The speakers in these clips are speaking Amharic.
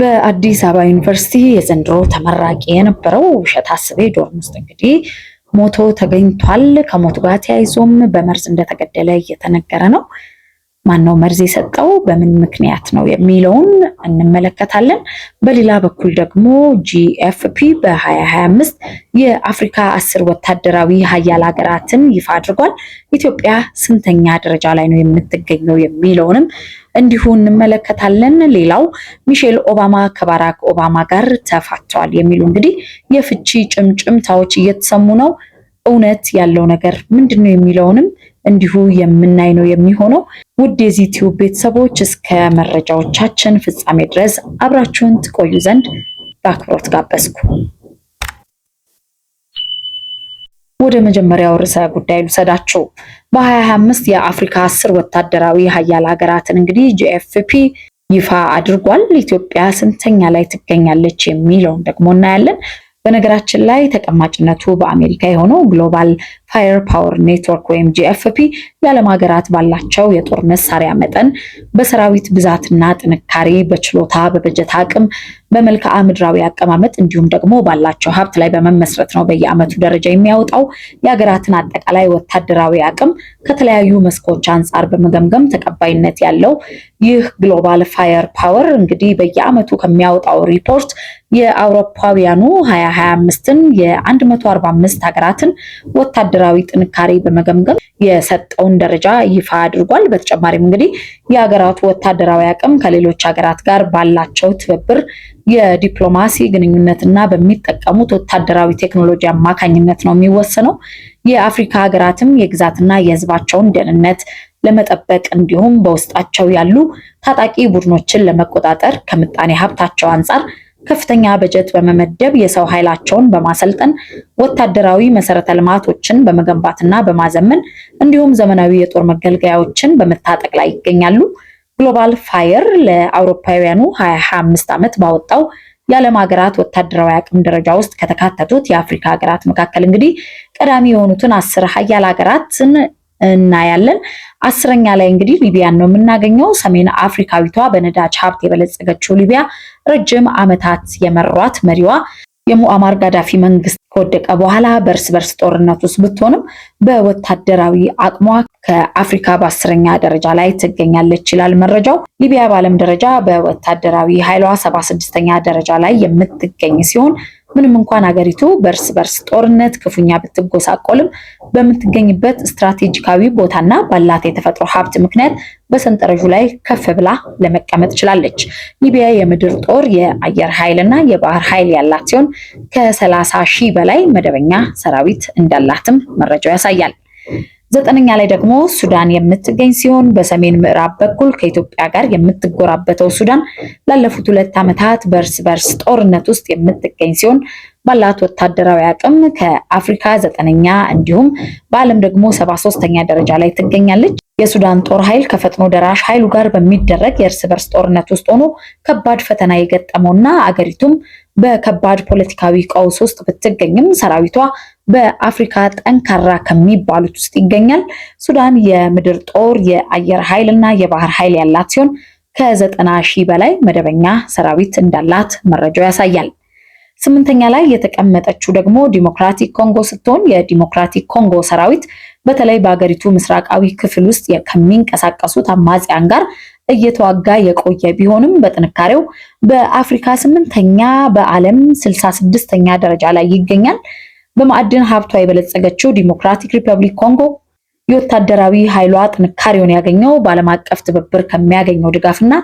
በአዲስ አበባ ዩኒቨርሲቲ የዘንድሮ ተመራቂ የነበረው ውሸት አስቤ ዶርም ውስጥ እንግዲህ ሞቶ ተገኝቷል። ከሞቱ ጋር ተያይዞም በመርዝ እንደተገደለ እየተነገረ ነው። ማነው መርዝ የሰጠው? በምን ምክንያት ነው የሚለውን እንመለከታለን። በሌላ በኩል ደግሞ ጂኤፍፒ በ2025 የአፍሪካ አስር ወታደራዊ ሀያል ሀገራትን ይፋ አድርጓል። ኢትዮጵያ ስንተኛ ደረጃ ላይ ነው የምትገኘው የሚለውንም እንዲሁ እንመለከታለን። ሌላው ሚሼል ኦባማ ከባራክ ኦባማ ጋር ተፋተዋል የሚሉ እንግዲህ የፍቺ ጭምጭምታዎች እየተሰሙ ነው። እውነት ያለው ነገር ምንድን ነው የሚለውንም እንዲሁ የምናይ ነው የሚሆነው። ውድ የዚህ ቤተሰቦች እስከ መረጃዎቻችን ፍጻሜ ድረስ አብራችሁን ትቆዩ ዘንድ በአክብሮት ጋበዝኩ። ወደ መጀመሪያው ርዕሰ ጉዳይ ልውሰዳቸው። በ2025 የአፍሪካ አስር ወታደራዊ ሀያል ሀገራትን እንግዲህ ጂኤፍፒ ይፋ አድርጓል። ኢትዮጵያ ስንተኛ ላይ ትገኛለች የሚለውን ደግሞ እናያለን። በነገራችን ላይ ተቀማጭነቱ በአሜሪካ የሆነው ግሎባል ፋየር ፓወር ኔትወርክ ወይም ጂኤፍፒ የዓለም ሀገራት ባላቸው የጦር መሳሪያ መጠን፣ በሰራዊት ብዛትና ጥንካሬ፣ በችሎታ፣ በበጀት አቅም፣ በመልክዓ ምድራዊ አቀማመጥ እንዲሁም ደግሞ ባላቸው ሀብት ላይ በመመስረት ነው በየዓመቱ ደረጃ የሚያወጣው። የሀገራትን አጠቃላይ ወታደራዊ አቅም ከተለያዩ መስኮች አንጻር በመገምገም ተቀባይነት ያለው ይህ ግሎባል ፋየር ፓወር እንግዲህ በየዓመቱ ከሚያወጣው ሪፖርት የአውሮፓውያኑ 2025ን የ145 ሀገራትን ወታደ የብሔራዊ ጥንካሬ በመገምገም የሰጠውን ደረጃ ይፋ አድርጓል። በተጨማሪም እንግዲህ የሀገራቱ ወታደራዊ አቅም ከሌሎች ሀገራት ጋር ባላቸው ትብብር የዲፕሎማሲ ግንኙነትና በሚጠቀሙት ወታደራዊ ቴክኖሎጂ አማካኝነት ነው የሚወሰነው። የአፍሪካ ሀገራትም የግዛትና የሕዝባቸውን ደህንነት ለመጠበቅ እንዲሁም በውስጣቸው ያሉ ታጣቂ ቡድኖችን ለመቆጣጠር ከምጣኔ ሀብታቸው አንጻር ከፍተኛ በጀት በመመደብ የሰው ኃይላቸውን በማሰልጠን ወታደራዊ መሰረተ ልማቶችን በመገንባትና በማዘመን እንዲሁም ዘመናዊ የጦር መገልገያዎችን በመታጠቅ ላይ ይገኛሉ። ግሎባል ፋየር ለአውሮፓውያኑ 2025 ዓመት ባወጣው የዓለም ሀገራት ወታደራዊ አቅም ደረጃ ውስጥ ከተካተቱት የአፍሪካ ሀገራት መካከል እንግዲህ ቀዳሚ የሆኑትን አስር ሀያል ሀገራትን እናያለን። አስረኛ ላይ እንግዲህ ሊቢያን ነው የምናገኘው። ሰሜን አፍሪካዊቷ በነዳጅ ሀብት የበለጸገችው ሊቢያ ረጅም ዓመታት የመሯት መሪዋ የሙአማር ጋዳፊ መንግስት ከወደቀ በኋላ በእርስ በርስ ጦርነት ውስጥ ብትሆንም በወታደራዊ አቅሟ ከአፍሪካ በአስረኛ ደረጃ ላይ ትገኛለች ይላል መረጃው። ሊቢያ በዓለም ደረጃ በወታደራዊ ኃይሏ ሰባ ስድስተኛ ደረጃ ላይ የምትገኝ ሲሆን ምንም እንኳን አገሪቱ በእርስ በርስ ጦርነት ክፉኛ ብትጎሳቆልም በምትገኝበት ስትራቴጂካዊ ቦታና ባላት የተፈጥሮ ሀብት ምክንያት በሰንጠረዡ ላይ ከፍ ብላ ለመቀመጥ ችላለች። ሊቢያ የምድር ጦር፣ የአየር ኃይል ና የባህር ኃይል ያላት ሲሆን ከሰላሳ ሺህ በላይ መደበኛ ሰራዊት እንዳላትም መረጃው ያሳያል። ዘጠነኛ ላይ ደግሞ ሱዳን የምትገኝ ሲሆን በሰሜን ምዕራብ በኩል ከኢትዮጵያ ጋር የምትጎራበተው ሱዳን ላለፉት ሁለት ዓመታት በእርስ በርስ ጦርነት ውስጥ የምትገኝ ሲሆን ባላት ወታደራዊ አቅም ከአፍሪካ ዘጠነኛ እንዲሁም በዓለም ደግሞ ሰባ ሶስተኛ ደረጃ ላይ ትገኛለች። የሱዳን ጦር ኃይል ከፈጥኖ ደራሽ ኃይሉ ጋር በሚደረግ የእርስ በርስ ጦርነት ውስጥ ሆኖ ከባድ ፈተና የገጠመው እና አገሪቱም በከባድ ፖለቲካዊ ቀውስ ውስጥ ብትገኝም ሰራዊቷ በአፍሪካ ጠንካራ ከሚባሉት ውስጥ ይገኛል። ሱዳን የምድር ጦር፣ የአየር ኃይል እና የባህር ኃይል ያላት ሲሆን ከዘጠና ሺህ በላይ መደበኛ ሰራዊት እንዳላት መረጃው ያሳያል። ስምንተኛ ላይ የተቀመጠችው ደግሞ ዲሞክራቲክ ኮንጎ ስትሆን የዲሞክራቲክ ኮንጎ ሰራዊት በተለይ በሀገሪቱ ምስራቃዊ ክፍል ውስጥ ከሚንቀሳቀሱት አማጽያን ጋር እየተዋጋ የቆየ ቢሆንም በጥንካሬው በአፍሪካ ስምንተኛ በዓለም ስልሳ ስድስተኛ ደረጃ ላይ ይገኛል። በማዕድን ሀብቷ የበለጸገችው ዲሞክራቲክ ሪፐብሊክ ኮንጎ የወታደራዊ ኃይሏ ጥንካሬውን ያገኘው በዓለም አቀፍ ትብብር ከሚያገኘው ድጋፍና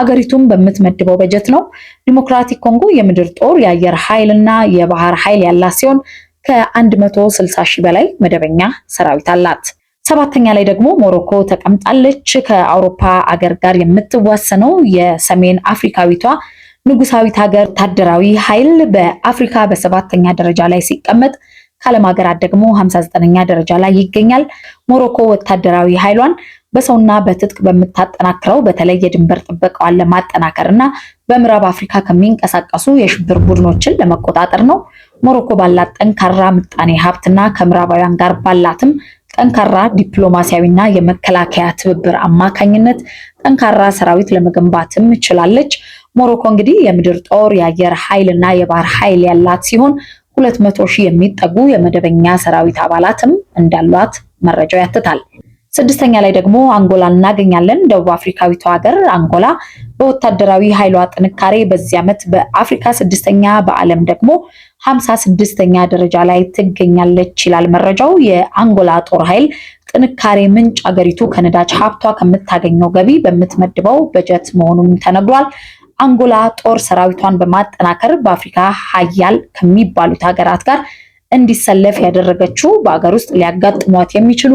አገሪቱን በምትመድበው በጀት ነው። ዲሞክራቲክ ኮንጎ የምድር ጦር፣ የአየር ኃይልና የባህር ኃይል ያላት ሲሆን ከ160 ሺህ በላይ መደበኛ ሰራዊት አላት። ሰባተኛ ላይ ደግሞ ሞሮኮ ተቀምጣለች። ከአውሮፓ አገር ጋር የምትዋሰነው የሰሜን አፍሪካዊቷ ንጉሳዊት ሀገር ወታደራዊ ኃይል በአፍሪካ በሰባተኛ ደረጃ ላይ ሲቀመጥ ከዓለም ሀገራት ደግሞ 59ኛ ደረጃ ላይ ይገኛል። ሞሮኮ ወታደራዊ ኃይሏን በሰውና በትጥቅ በምታጠናክረው በተለይ የድንበር ጥበቃዋን ለማጠናከር እና በምዕራብ አፍሪካ ከሚንቀሳቀሱ የሽብር ቡድኖችን ለመቆጣጠር ነው። ሞሮኮ ባላት ጠንካራ ምጣኔ ሀብትና ከምዕራባውያን ጋር ባላትም ጠንካራ ዲፕሎማሲያዊና የመከላከያ ትብብር አማካኝነት ጠንካራ ሰራዊት ለመገንባትም ችላለች። ሞሮኮ እንግዲህ የምድር ጦር፣ የአየር ኃይል እና የባህር ኃይል ያላት ሲሆን ሁለት መቶ ሺህ የሚጠጉ የመደበኛ ሰራዊት አባላትም እንዳሏት መረጃው ያትታል። ስድስተኛ ላይ ደግሞ አንጎላ እናገኛለን። ደቡብ አፍሪካዊቷ ሀገር አንጎላ በወታደራዊ ኃይሏ ጥንካሬ በዚህ ዓመት በአፍሪካ ስድስተኛ በዓለም ደግሞ ሀምሳ ስድስተኛ ደረጃ ላይ ትገኛለች ይላል መረጃው። የአንጎላ ጦር ኃይል ጥንካሬ ምንጭ አገሪቱ ከነዳጅ ሀብቷ ከምታገኘው ገቢ በምትመድበው በጀት መሆኑን ተነግሯል። አንጎላ ጦር ሰራዊቷን በማጠናከር በአፍሪካ ሀያል ከሚባሉት ሀገራት ጋር እንዲሰለፍ ያደረገችው በሀገር ውስጥ ሊያጋጥሟት የሚችሉ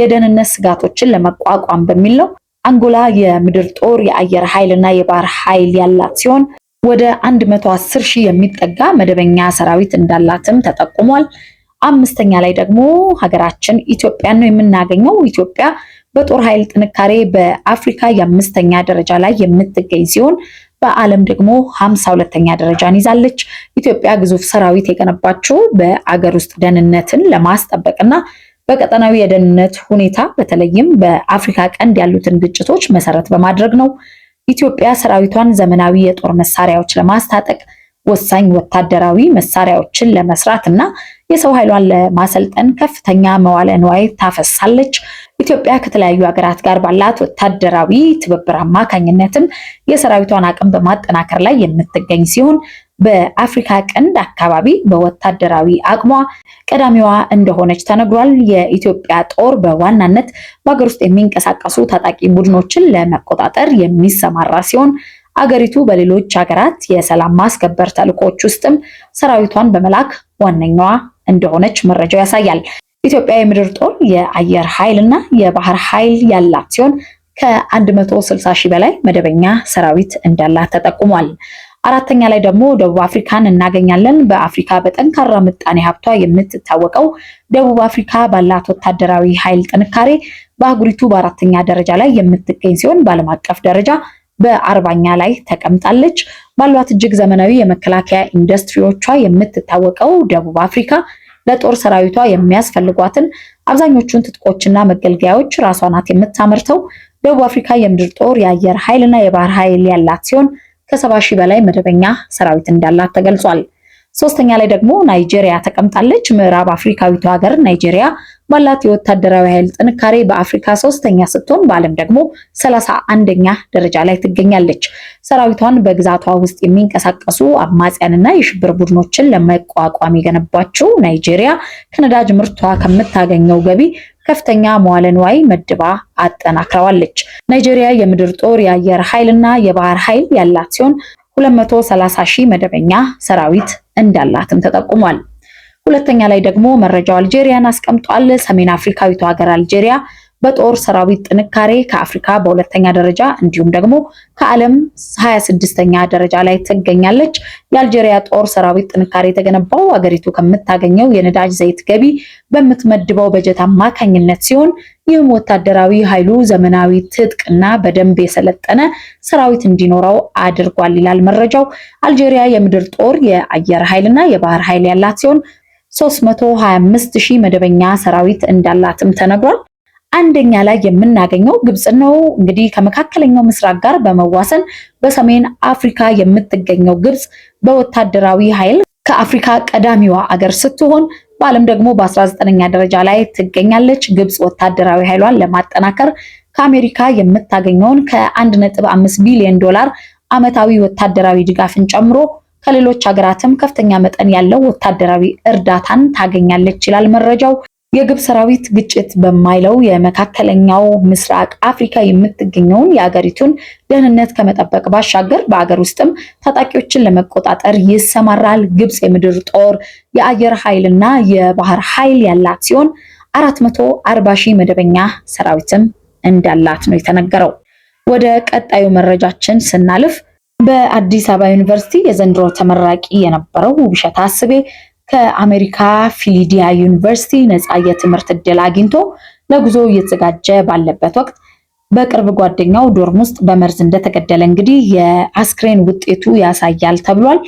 የደህንነት ስጋቶችን ለመቋቋም በሚል ነው። አንጎላ የምድር ጦር፣ የአየር ኃይል እና የባህር ኃይል ያላት ሲሆን ወደ 110 ሺህ የሚጠጋ መደበኛ ሰራዊት እንዳላትም ተጠቁሟል። አምስተኛ ላይ ደግሞ ሀገራችን ኢትዮጵያን ነው የምናገኘው። ኢትዮጵያ በጦር ኃይል ጥንካሬ በአፍሪካ የአምስተኛ ደረጃ ላይ የምትገኝ ሲሆን በዓለም ደግሞ ሀምሳ ሁለተኛ ደረጃን ይዛለች። ኢትዮጵያ ግዙፍ ሰራዊት የገነባችው በአገር ውስጥ ደህንነትን ለማስጠበቅና በቀጠናዊ የደህንነት ሁኔታ በተለይም በአፍሪካ ቀንድ ያሉትን ግጭቶች መሰረት በማድረግ ነው። ኢትዮጵያ ሰራዊቷን ዘመናዊ የጦር መሳሪያዎች ለማስታጠቅ ወሳኝ ወታደራዊ መሳሪያዎችን ለመስራት እና የሰው ኃይሏን ለማሰልጠን ከፍተኛ መዋለ ንዋይ ታፈሳለች። ኢትዮጵያ ከተለያዩ ሀገራት ጋር ባላት ወታደራዊ ትብብር አማካኝነትም የሰራዊቷን አቅም በማጠናከር ላይ የምትገኝ ሲሆን በአፍሪካ ቀንድ አካባቢ በወታደራዊ አቅሟ ቀዳሚዋ እንደሆነች ተነግሯል። የኢትዮጵያ ጦር በዋናነት በሀገር ውስጥ የሚንቀሳቀሱ ታጣቂ ቡድኖችን ለመቆጣጠር የሚሰማራ ሲሆን አገሪቱ በሌሎች ሀገራት የሰላም ማስከበር ተልእኮች ውስጥም ሰራዊቷን በመላክ ዋነኛዋ እንደሆነች መረጃው ያሳያል። ኢትዮጵያ የምድር ጦር የአየር ኃይል እና የባህር ኃይል ያላት ሲሆን ከ160 ሺህ በላይ መደበኛ ሰራዊት እንዳላት ተጠቁሟል። አራተኛ ላይ ደግሞ ደቡብ አፍሪካን እናገኛለን። በአፍሪካ በጠንካራ ምጣኔ ሀብቷ የምትታወቀው ደቡብ አፍሪካ ባላት ወታደራዊ ኃይል ጥንካሬ በአህጉሪቱ በአራተኛ ደረጃ ላይ የምትገኝ ሲሆን በዓለም አቀፍ ደረጃ በአርባኛ ላይ ተቀምጣለች። ባሏት እጅግ ዘመናዊ የመከላከያ ኢንዱስትሪዎቿ የምትታወቀው ደቡብ አፍሪካ ለጦር ሰራዊቷ የሚያስፈልጓትን አብዛኞቹን ትጥቆችና መገልገያዎች ራሷ ናት የምታመርተው። ደቡብ አፍሪካ የምድር ጦር፣ የአየር ኃይልና የባህር ኃይል ያላት ሲሆን ከሰባ ሺህ በላይ መደበኛ ሰራዊት እንዳላት ተገልጿል። ሶስተኛ ላይ ደግሞ ናይጄሪያ ተቀምጣለች። ምዕራብ አፍሪካዊቱ ሀገር ናይጄሪያ ባላት የወታደራዊ ኃይል ጥንካሬ በአፍሪካ ሶስተኛ ስትሆን በዓለም ደግሞ ሰላሳ አንደኛ ደረጃ ላይ ትገኛለች። ሰራዊቷን በግዛቷ ውስጥ የሚንቀሳቀሱ አማጽያንና የሽብር ቡድኖችን ለመቋቋም የገነባችው ናይጄሪያ ከነዳጅ ምርቷ ከምታገኘው ገቢ ከፍተኛ መዋለ ንዋይ መድባ አጠናክረዋለች። ናይጄሪያ የምድር ጦር፣ የአየር ኃይልና የባህር ኃይል ያላት ሲሆን 230 ሺህ መደበኛ ሰራዊት እንዳላትም ተጠቁሟል። ሁለተኛ ላይ ደግሞ መረጃው አልጄሪያን አስቀምጧል። ሰሜን አፍሪካዊቱ ሀገር አልጄሪያ በጦር ሰራዊት ጥንካሬ ከአፍሪካ በሁለተኛ ደረጃ እንዲሁም ደግሞ ከዓለም ሀያ ስድስተኛ ደረጃ ላይ ትገኛለች። የአልጄሪያ ጦር ሰራዊት ጥንካሬ የተገነባው አገሪቱ ከምታገኘው የነዳጅ ዘይት ገቢ በምትመድበው በጀት አማካኝነት ሲሆን ይህም ወታደራዊ ኃይሉ ዘመናዊ ትጥቅና በደንብ የሰለጠነ ሰራዊት እንዲኖረው አድርጓል ይላል መረጃው። አልጄሪያ የምድር ጦር፣ የአየር ኃይልና የባህር ኃይል ያላት ሲሆን 325 ሺህ መደበኛ ሰራዊት እንዳላትም ተነግሯል። አንደኛ ላይ የምናገኘው ግብፅ ነው። እንግዲህ ከመካከለኛው ምስራቅ ጋር በመዋሰን በሰሜን አፍሪካ የምትገኘው ግብፅ በወታደራዊ ኃይል ከአፍሪካ ቀዳሚዋ አገር ስትሆን በዓለም ደግሞ በ19ኛ ደረጃ ላይ ትገኛለች። ግብፅ ወታደራዊ ኃይሏን ለማጠናከር ከአሜሪካ የምታገኘውን ከ1.5 ቢሊዮን ዶላር ዓመታዊ ወታደራዊ ድጋፍን ጨምሮ ከሌሎች ሀገራትም ከፍተኛ መጠን ያለው ወታደራዊ እርዳታን ታገኛለች ይላል መረጃው። የግብፅ ሰራዊት ግጭት በማይለው የመካከለኛው ምስራቅ አፍሪካ የምትገኘውን የአገሪቱን ደህንነት ከመጠበቅ ባሻገር በአገር ውስጥም ታጣቂዎችን ለመቆጣጠር ይሰማራል። ግብፅ የምድር ጦር፣ የአየር ኃይልና የባህር ኃይል ያላት ሲሆን አርባ ሺህ መደበኛ ሰራዊትም እንዳላት ነው የተነገረው። ወደ ቀጣዩ መረጃችን ስናልፍ በአዲስ አበባ ዩኒቨርሲቲ የዘንድሮ ተመራቂ የነበረው ውብሸት አስቤ ከአሜሪካ ፊሊዲያ ዩኒቨርሲቲ ነፃ የትምህርት እድል አግኝቶ ለጉዞ እየተዘጋጀ ባለበት ወቅት በቅርብ ጓደኛው ዶርም ውስጥ በመርዝ እንደተገደለ እንግዲህ የአስክሬን ውጤቱ ያሳያል ተብሏል።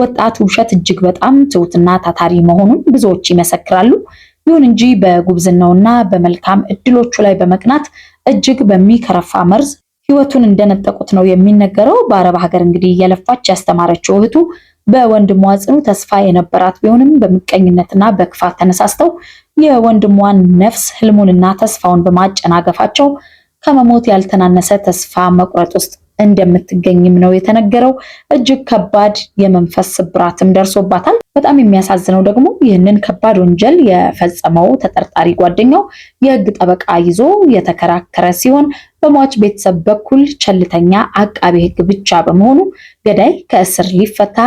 ወጣት ውብሸት እጅግ በጣም ትሁትና ታታሪ መሆኑን ብዙዎች ይመሰክራሉ። ይሁን እንጂ በጉብዝናውና በመልካም እድሎቹ ላይ በመቅናት እጅግ በሚከረፋ መርዝ ህይወቱን እንደነጠቁት ነው የሚነገረው። በአረብ ሀገር እንግዲህ እየለፋች ያስተማረችው እህቱ በወንድሟ ጽኑ ተስፋ የነበራት ቢሆንም በምቀኝነትና በክፋት ተነሳስተው የወንድሟን ነፍስ ህልሙንና ተስፋውን በማጨናገፋቸው ከመሞት ያልተናነሰ ተስፋ መቁረጥ ውስጥ እንደምትገኝም ነው የተነገረው። እጅግ ከባድ የመንፈስ ስብራትም ደርሶባታል። በጣም የሚያሳዝነው ደግሞ ይህንን ከባድ ወንጀል የፈጸመው ተጠርጣሪ ጓደኛው የህግ ጠበቃ ይዞ የተከራከረ ሲሆን በሟች ቤተሰብ በኩል ቸልተኛ አቃቤ ህግ ብቻ በመሆኑ ገዳይ ከእስር ሊፈታ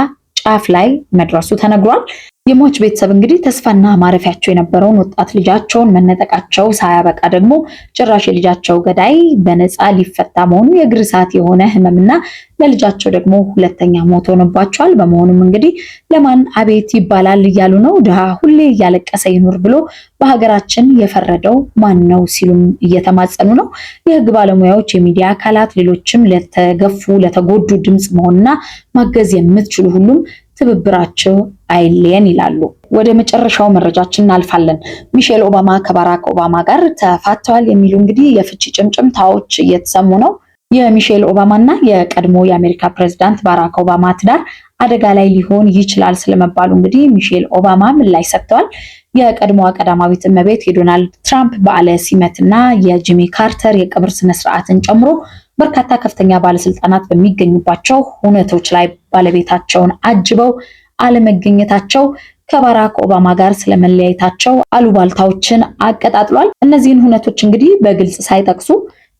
ጫፍ ላይ መድረሱ ተነግሯል። የሟች ቤተሰብ እንግዲህ ተስፋና ማረፊያቸው የነበረውን ወጣት ልጃቸውን መነጠቃቸው ሳያበቃ ደግሞ ጭራሽ የልጃቸው ገዳይ በነፃ ሊፈታ መሆኑ የእግር እሳት የሆነ ህመምና ለልጃቸው ደግሞ ሁለተኛ ሞት ሆኖባቸዋል። በመሆኑም እንግዲህ ለማን አቤት ይባላል እያሉ ነው። ድሃ ሁሌ እያለቀሰ ይኑር ብሎ በሀገራችን የፈረደው ማን ነው ሲሉም እየተማጸኑ ነው። የህግ ባለሙያዎች፣ የሚዲያ አካላት፣ ሌሎችም ለተገፉ ለተጎዱ ድምፅ መሆንና ማገዝ የምትችሉ ሁሉም ትብብራቸው አይለየን ይላሉ። ወደ መጨረሻው መረጃችን እናልፋለን። ሚሼል ኦባማ ከባራክ ኦባማ ጋር ተፋተዋል የሚሉ እንግዲህ የፍቺ ጭምጭምታዎች እየተሰሙ ነው። የሚሼል ኦባማ እና የቀድሞ የአሜሪካ ፕሬዝዳንት ባራክ ኦባማ ትዳር አደጋ ላይ ሊሆን ይችላል ስለመባሉ እንግዲህ ሚሼል ኦባማ ምላሽ ሰጥተዋል። የቀድሞዋ ቀዳማዊት እመቤት የዶናልድ ትራምፕ በዓለ ሲመት እና የጂሚ ካርተር የቀብር ስነስርዓትን ጨምሮ በርካታ ከፍተኛ ባለስልጣናት በሚገኙባቸው ሁነቶች ላይ ባለቤታቸውን አጅበው አለመገኘታቸው ከባራክ ኦባማ ጋር ስለመለያየታቸው አሉባልታዎችን አቀጣጥሏል። እነዚህን ሁነቶች እንግዲህ በግልጽ ሳይጠቅሱ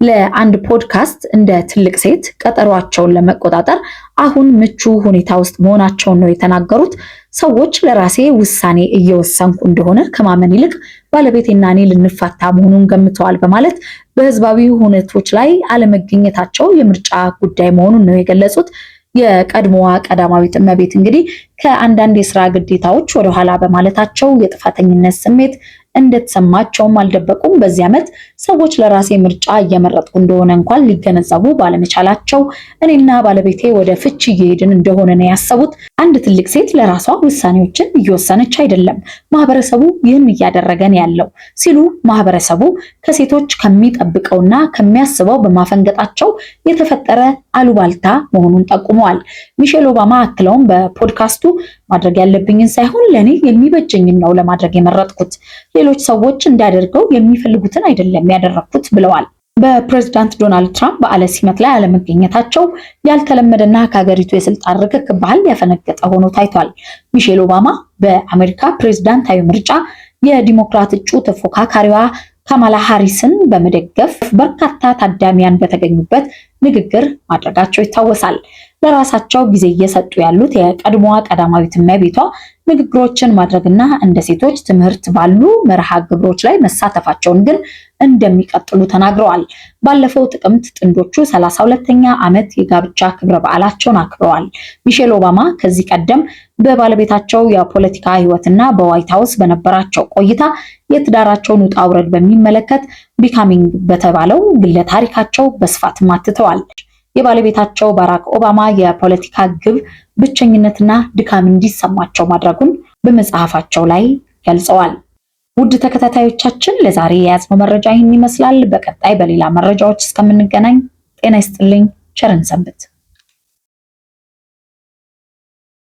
ለአንድ ፖድካስት እንደ ትልቅ ሴት ቀጠሯቸውን ለመቆጣጠር አሁን ምቹ ሁኔታ ውስጥ መሆናቸውን ነው የተናገሩት። ሰዎች ለራሴ ውሳኔ እየወሰንኩ እንደሆነ ከማመን ይልቅ ባለቤቴና እኔ ልንፋታ መሆኑን ገምተዋል በማለት በህዝባዊ ሁነቶች ላይ አለመገኘታቸው የምርጫ ጉዳይ መሆኑን ነው የገለጹት። የቀድሞዋ ቀዳማዊት እመቤት እንግዲህ ከአንዳንድ የስራ ግዴታዎች ወደኋላ በማለታቸው የጥፋተኝነት ስሜት እንደተሰማቸውም አልደበቁም። በዚህ ዓመት ሰዎች ለራሴ ምርጫ እየመረጥኩ እንደሆነ እንኳን ሊገነዘቡ ባለመቻላቸው እኔና ባለቤቴ ወደ ፍች እየሄድን እንደሆነ ነው ያሰቡት። አንድ ትልቅ ሴት ለራሷ ውሳኔዎችን እየወሰነች አይደለም፣ ማህበረሰቡ ይህን እያደረገን ያለው ሲሉ ማህበረሰቡ ከሴቶች ከሚጠብቀውና ከሚያስበው በማፈንገጣቸው የተፈጠረ አሉባልታ መሆኑን ጠቁመዋል። ሚሼል ኦባማ አክለውም በፖድካስቱ ማድረግ ያለብኝን ሳይሆን ለእኔ የሚበጀኝን ነው ለማድረግ የመረጥኩት ሌሎች ሰዎች እንዲያደርገው የሚፈልጉትን አይደለም ያደረግኩት ብለዋል። በፕሬዝዳንት ዶናልድ ትራምፕ በዓለ ሲመት ላይ አለመገኘታቸው ያልተለመደና ከሀገሪቱ የስልጣን ርክክ ባህል ያፈነገጠ ሆኖ ታይቷል። ሚሼል ኦባማ በአሜሪካ ፕሬዝዳንታዊ ምርጫ የዲሞክራት እጩ ተፎካካሪዋ ካማላ ሃሪስን በመደገፍ በርካታ ታዳሚያን በተገኙበት ንግግር ማድረጋቸው ይታወሳል። ለራሳቸው ጊዜ እየሰጡ ያሉት የቀድሞዋ ቀዳማዊት እመቤቷ ንግግሮችን ማድረግና እንደ ሴቶች ትምህርት ባሉ መርሃ ግብሮች ላይ መሳተፋቸውን ግን እንደሚቀጥሉ ተናግረዋል። ባለፈው ጥቅምት ጥንዶቹ 32 ሁለተኛ ዓመት የጋብቻ ክብረ በዓላቸውን አክብረዋል። ሚሼል ኦባማ ከዚህ ቀደም በባለቤታቸው የፖለቲካ ሕይወትና በዋይት ሀውስ በነበራቸው ቆይታ የትዳራቸውን ውጣ ውረድ በሚመለከት ቢካሚንግ በተባለው ግለ ታሪካቸው በስፋት ማትተዋል። ብለዋለች። የባለቤታቸው ባራክ ኦባማ የፖለቲካ ግብ ብቸኝነትና ድካም እንዲሰማቸው ማድረጉን በመጽሐፋቸው ላይ ገልጸዋል። ውድ ተከታታዮቻችን ለዛሬ የያዝነው መረጃ ይህን ይመስላል። በቀጣይ በሌላ መረጃዎች እስከምንገናኝ ጤና ይስጥልኝ። ቸርን ሰንብት።